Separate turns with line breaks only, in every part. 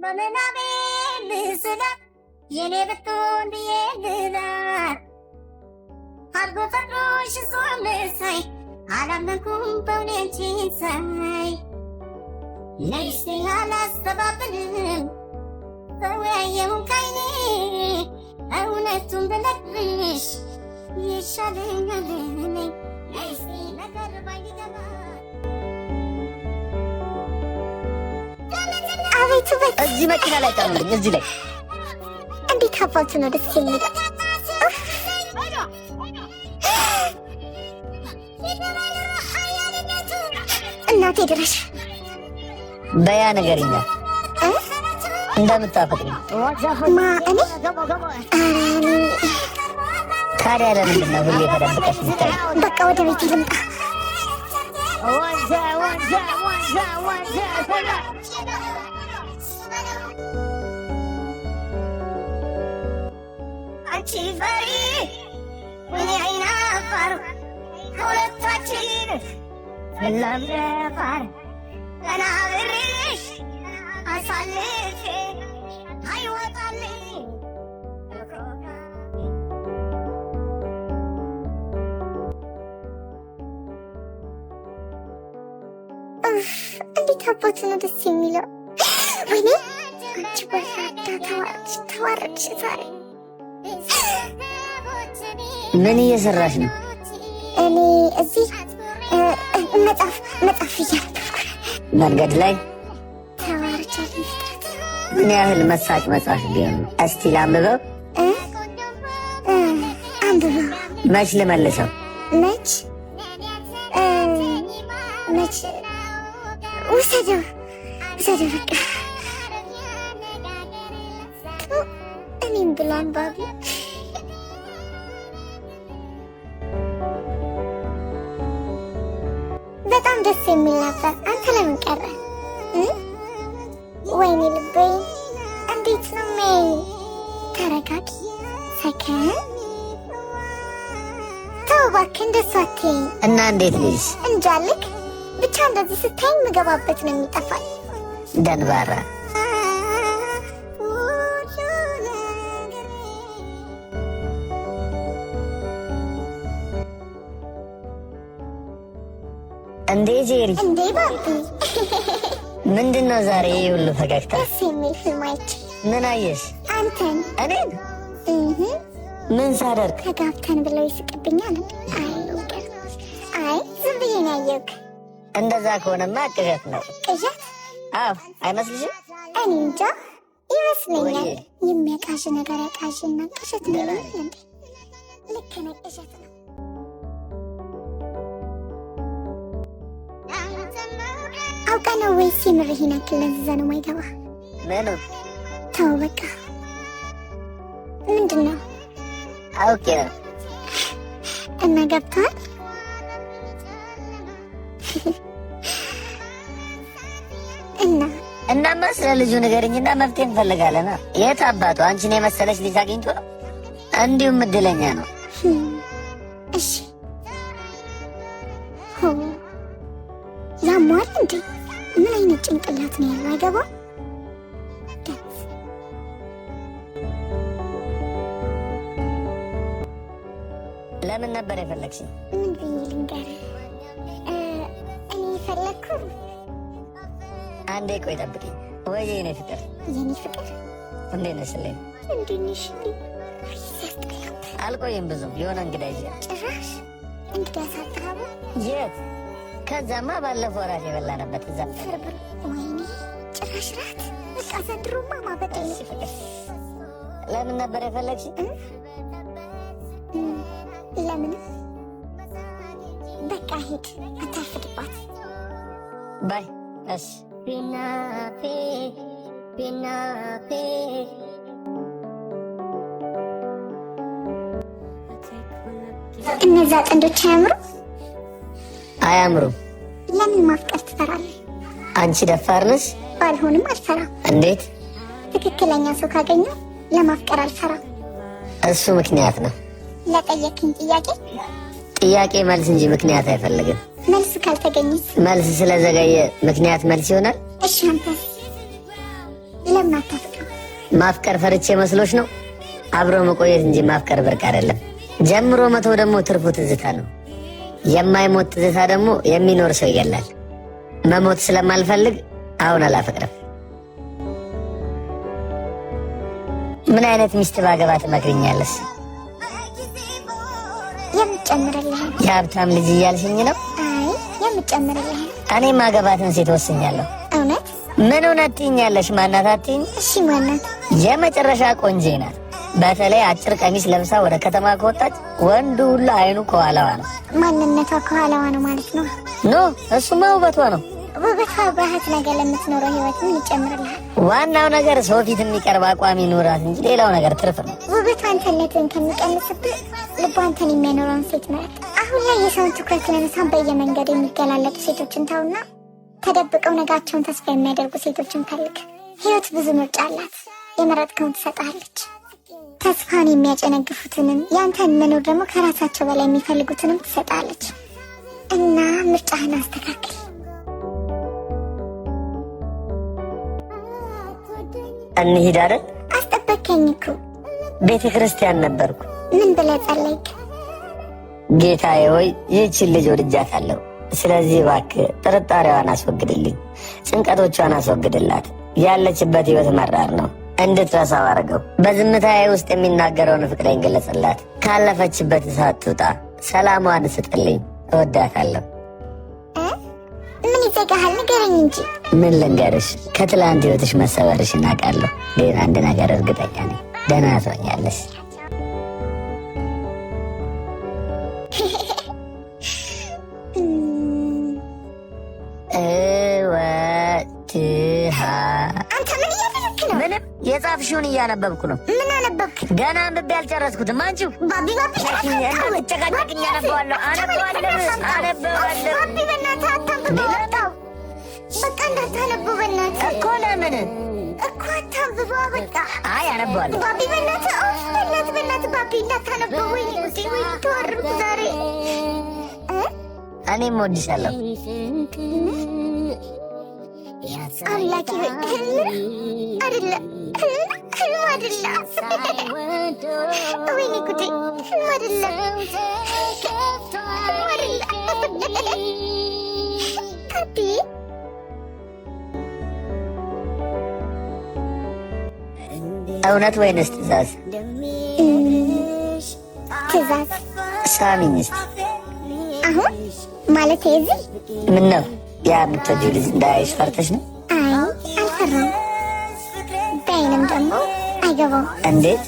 በምናቤ ልስላት የኔ ብትሆን ብዬ ልላት አድጎ ፈቅዶሽ እሷን ሳይ አላመንኩም በውኔ አንቺን ሳይ ነግስቴ አላስተባብልም ተወያየውን ካይኔ እውነቱን ብነግርሽ ይሻለኛል ነይ ነይ ነይ
ቤቱ በል
እዚህ መኪና ላይ ጨምርኝ። እዚህ ላይ
እንዴት አባቱ ነው ደስ የሚለው። እናቴ ድረሽ
በያ ነገርኛ እንደምታፈቅሪ ማ እኔ ታዲያ ለምንድን ነው ሁሌ ተደብቀሽ
በቃ ወደ ቤት ልምጣ።
አንቺ ፈሪ እኔ አይና ከሁለታችን ፈላም ደፋር ቀና ብሬሽ አሳልፌ አይወጣልኝ
እንዴት አባቱ ነው ደስ የሚለው! ወይኔ አንቺ ወራዳ ተዋረድሽ፣ ተዋረድሽ ዛሬ
ምን እየሰራሽ ነው?
እኔ እዚህ መጽሐፍ መጽሐፍ እያነበብኩ መንገድ ላይ ተዋርጃለሁ።
ምን ያህል መሳጭ መጽሐፍ ቢሆን እስቲ ላንብበው። አንብበው። መች ልመልሰው?
መች መች ውሰደው፣ ውሰደው በቃ እኔም ብሎ አንባቢ በጣም ደስ የሚል ነበር። አንተ ለምን ቀረ? ወይኔ ልቤ እንዴት ነው ሜይ? ተረጋጊ፣ ሰከን ተው እባክህ፣ እንደሱ አትይኝ።
እና እንዴት ልጅ
እንጃልክ ብቻ እንደዚህ ስታይኝ ምገባበት ነው የሚጠፋል
ደንባራ እንዴ ጄሪ፣
እንዴ ባቢ፣
ምንድን ነው ዛሬ ሁሉ ፈገግታ?
ደስ የሚል ፊልም ምን አየሽ? አንተን።
እኔን? ምን ሳደርግ?
ተጋብተን ብለው ይስቅብኛል። አይ ዝም ብዬ ነው ያየሁት።
እንደዛ ከሆነማ ቅዠት ነው። ቅዠት? አዎ አይመስልሽም?
እኔ እንጃ ይመስለኛል። የሚያቃዥ ነገር ያቃዥና ቅዠት ነው። ልክ ነው፣ ቅዠት ነው። ፎቃ ነው ወይስ የምር ይሄን ያክል ለዛ ነው ማይገባ? ምኑ ተው በቃ ምንድን ነው አውቄ ነው እና ገብቷል። እና
እናማ ስለ ልጁ ንገርኝና መፍትሄ እንፈልጋለና የት አባቱ አንቺን የመሰለች ልጅ አግኝቶ ነው። እንዲሁም እድለኛ ነው።
የት ነው የማይገባው?
ለምን ነበር የፈለግሽኝ?
ምን ብዬ ልንገርህ? እኔ የፈለግኩ
አንዴ ቆይ ጠብቅኝ። ወይ የኔ ፍቅር፣ የኔ ፍቅር እንዴት እንዴት አልቆይም ብዙም የሆነ እንግዳ ይዤ
ጭራሽ እንግዳ ሳታቡ
የት ከዛማ ባለፈው እራት የበላንበት እዛ
ጭራሽ ራት በቃ ዘንድሮማ ማበቃ።
ለምን ነበር የፈለግሽ?
ለምን በቃ ሂድ፣ አታርፍድባት።
ባይ እሺ። ቢናፌ ቢናፌ
እነዛ ጥንዶች አያምሩ አያምሩ። ለምን ማፍቀር ትፈራለህ?
አንቺ ደፋር ነሽ።
ባልሆንም አልሰራ። እንዴት? ትክክለኛ ሰው ካገኘ ለማፍቀር አልሰራ።
እሱ ምክንያት ነው
ለጠየቅኝ ጥያቄ።
ጥያቄ መልስ እንጂ ምክንያት አይፈልግም።
መልስ ካልተገኘ
መልስ ስለዘገየ ምክንያት መልስ ይሆናል።
እሺ፣ አንተ ለምን
ማፍቀር ፈርቼ መስሎች ነው? አብሮ መቆየት እንጂ ማፍቀር ብርቅ አይደለም። ጀምሮ መተው ደግሞ ትርፉ ትዝታ ነው። የማይሞት ትዝታ ደግሞ የሚኖር ሰው ይገላል። መሞት ስለማልፈልግ አሁን አላፈቅርም። ምን አይነት ሚስት ባገባ ትመክርኛለሽ?
የምጨምርልህ
የሀብታም ልጅ እያልሽኝ ነው? አይ እኔ ማገባትን ሴት ወስኛለሁ። እውነት? ምን እውነት ትይኛለሽ? ማናት አትይኝ?
እሺ ማናት?
የመጨረሻ ቆንጆ ናት። በተለይ አጭር ቀሚስ ለብሳ ወደ ከተማ ከወጣች ወንዱ ሁሉ አይኑ ከኋላዋ ነው።
ማንነቷ ከኋላዋ ነው ማለት ነው?
ኖ እሱማ ውበቷ ነው።
በውበቷ ባህት ነገር ለምትኖረው ህይወትም ይጨምርልሃል።
ዋናው ነገር ሰው ፊት የሚቀርብ አቋም ይኑራት እንጂ ሌላው ነገር ትርፍ ነው።
ውበቷ አንተነትን ከሚቀንስብህ ልቧ አንተን የሚያኖረውን ሴት መረጥ። አሁን ላይ የሰውን ትኩረት ለመሳብ በየመንገዱ የሚገላለጡ ሴቶችን ተውና ተደብቀው ነጋቸውን ተስፋ የሚያደርጉ ሴቶችን ፈልግ። ህይወት ብዙ ምርጫ አላት። የመረጥከውን ትሰጣለች። ተስፋን የሚያጨነግፉትንም ያንተን መኖር ደግሞ ከራሳቸው በላይ የሚፈልጉትንም ትሰጣለች እና ምርጫህን አስተካክል።
እንሂድ አይደል?
አስጠበከኝ እኮ
ቤተ ክርስቲያን ነበርኩ።
ምን ብለህ ጸለይክ?
ጌታዬ ሆይ ይህችን ልጅ ወድጃታለሁ። ስለዚህ እባክህ ጥርጣሬዋን አስወግድልኝ፣ ጭንቀቶቿን አስወግድላት። ያለችበት ህይወት መራር ነው እንድትረሳው አድርገው። በዝምታዬ ውስጥ የሚናገረውን ፍቅሬን ገለጽላት። ካለፈችበት እሳት ትውጣ። ሰላሟን ስጥልኝ። እወዳታለሁ።
ይዘጋሃል፣ ንገረኝ እንጂ።
ምን ልንገርሽ? ከትላንት ህይወትሽ መሰበርሽ እናውቃለሁ፣ ግን አንድ ነገር እርግጠኛ ነኝ፣ ደህና ትሆኛለሽ።
አንተ ምን እያደረክ ነው?
ምንም የጻፍሽውን እያነበብኩ ነው።
ምን አነበብክ?
ገና አንብቤ አልጨረስኩትም። አንቺው ባቢ ባቢ፣ ጨቃጨቅኝ። አነበዋለሁ፣ አነበዋለሁ፣ አነበዋለሁ እኮ ለምን
እኮ አታንብቧ። በቃ
አይ አነባለሁ።
ባቢ በእናት በእናት በእናት ባቢ እንዳታነበው። ወይ ጉዴ፣ ወይ ተወርም ዛሬ
እኔም ወድሻለሁ።
አምላኬ ሆይ አደለ ህልም አደለ፣ ወይኔ ጉዴ፣ ህልም አደለ፣ ህልም አደለ ባቢ
እውነት ወይንስ ትእዛዝ? ትእዛዝ። ሳሚኝስ?
አሁን ማለት የዚህ
ምን ነው? ያ የምትወጂው ልጅ እንዳያይሽ ፈርተሽ ነው?
አይ አልፈራም። በአይንም ደግሞ አይገባውም። እንዴት?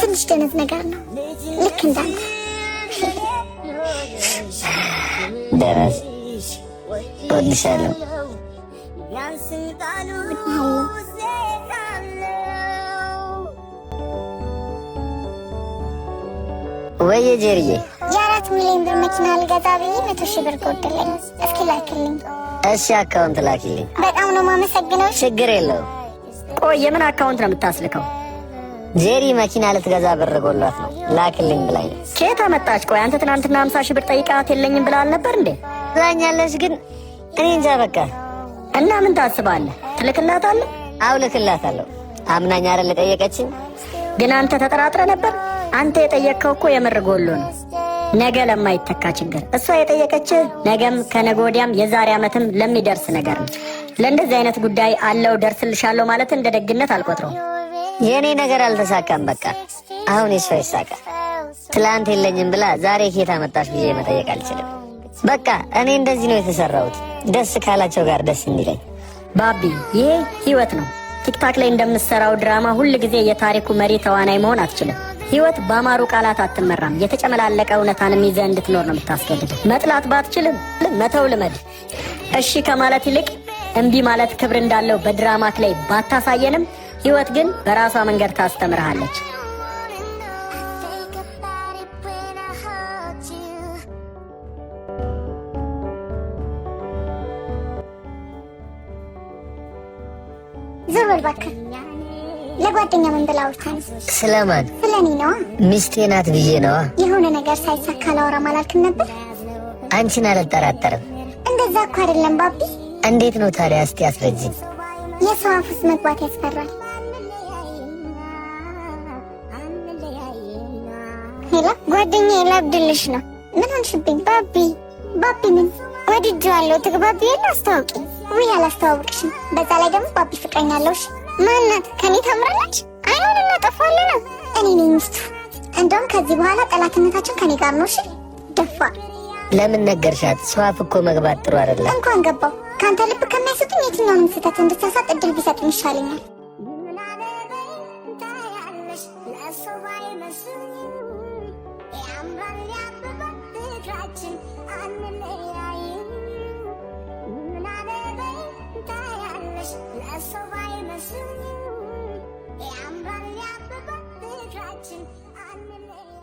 ትንሽ ደነት ነገር ነው። ልክ እንዳንተ
ደረስ ወድሻለሁ። ወይ ጀርዬ
የአራት ሚሊዮን ብር መኪና ልገዛ ብዬ መቶ ሺህ ብር ጎደለኝ። እስኪ ላክልኝ።
እሺ አካውንት ላክልኝ።
በጣም ነው ማመሰግነው።
ችግር የለው። ቆይ የምን አካውንት ነው የምታስልከው? ጄሪ መኪና ልትገዛ ብር ጎሏት ነው ላክልኝ ብላኝ። ከየት አመጣች? ቆይ አንተ ትናንትና ሀምሳ ሺህ ብር ጠይቃት የለኝም ብላ አልነበር እንዴ? ዛኛለች ግን እኔ እንጃ። በቃ እና ምን ታስባለህ? ትልክላታለህ? አውልክላታለሁ። አምናኛ አይደል ጠየቀችኝ ግን አንተ ተጠራጥረ ነበር። አንተ የጠየቅከው እኮ የምር ጎሎ ነው፣ ነገ ለማይተካ ችግር። እሷ የጠየቀች ነገም ከነገ ወዲያም የዛሬ ዓመትም ለሚደርስ ነገር ነው። ለእንደዚህ አይነት ጉዳይ አለው ደርስልሻለሁ ማለት እንደ ደግነት አልቆጥረውም። የእኔ ነገር አልተሳካም። በቃ አሁን የሷ ይሳካል። ትላንት የለኝም ብላ ዛሬ ኬታ መጣሽ ብዬ መጠየቅ አልችልም። በቃ እኔ እንደዚህ ነው የተሰራሁት። ደስ ካላቸው ጋር ደስ እንዲለኝ ባቢ፣ ይሄ ህይወት ነው። ቲክታክ ላይ እንደምትሰራው ድራማ ሁል ጊዜ የታሪኩ መሪ ተዋናይ መሆን አትችልም። ህይወት በአማሩ ቃላት አትመራም። የተጨመላለቀ እውነታንም ይዘህ እንድትኖር ነው የምታስገድድ። መጥላት ባትችልም መተው ልመድ። እሺ ከማለት ይልቅ እምቢ ማለት ክብር እንዳለው በድራማክ ላይ ባታሳየንም፣ ህይወት ግን በራሷ መንገድ ታስተምርሃለች። ስለማን? ስለኔ ነዋ። ሚስቴ ናት ብዬ ነዋ።
የሆነ ነገር ሳይሳካ ላወራም አላልክም ነበር?
አንቺን አልጠራጠርም።
እንደዛ እኮ አይደለም ባቢ።
እንዴት ነው ታዲያ? እስቲ አስረጅኝ።
የሰው አፍ ውስጥ መግባት ያስፈራል። ሄሎ፣ ጓደኛ፣ የላብድልሽ ነው። ምን ሆንሽብኝ ባቢ? ባቢ ምን ወድጄዋለሁ። ትግባቢ የለ አስተዋውቂ። ውይ አላስተዋውቅሽም። በዛ ላይ ደግሞ ባቢ ፍቅረኛ አለውሽ። ማናት? ከኔ ታምራለች። አይሆን እናጠፋለን። እኔ ነኝ ሚስቱ። እንደውም ከዚህ በኋላ ጠላትነታችን ከኔ ጋር ነው። እሺ ደፋ።
ለምን ነገርሻት? ሰዋፍ እኮ መግባት ጥሩ አይደለም።
እንኳን ገባው ከአንተ ልብ ከሚያስጡኝ የትኛውንም ስህተት እንድትሳሳት እድል ቢሰጡኝ ይሻለኛል። I'm an alien.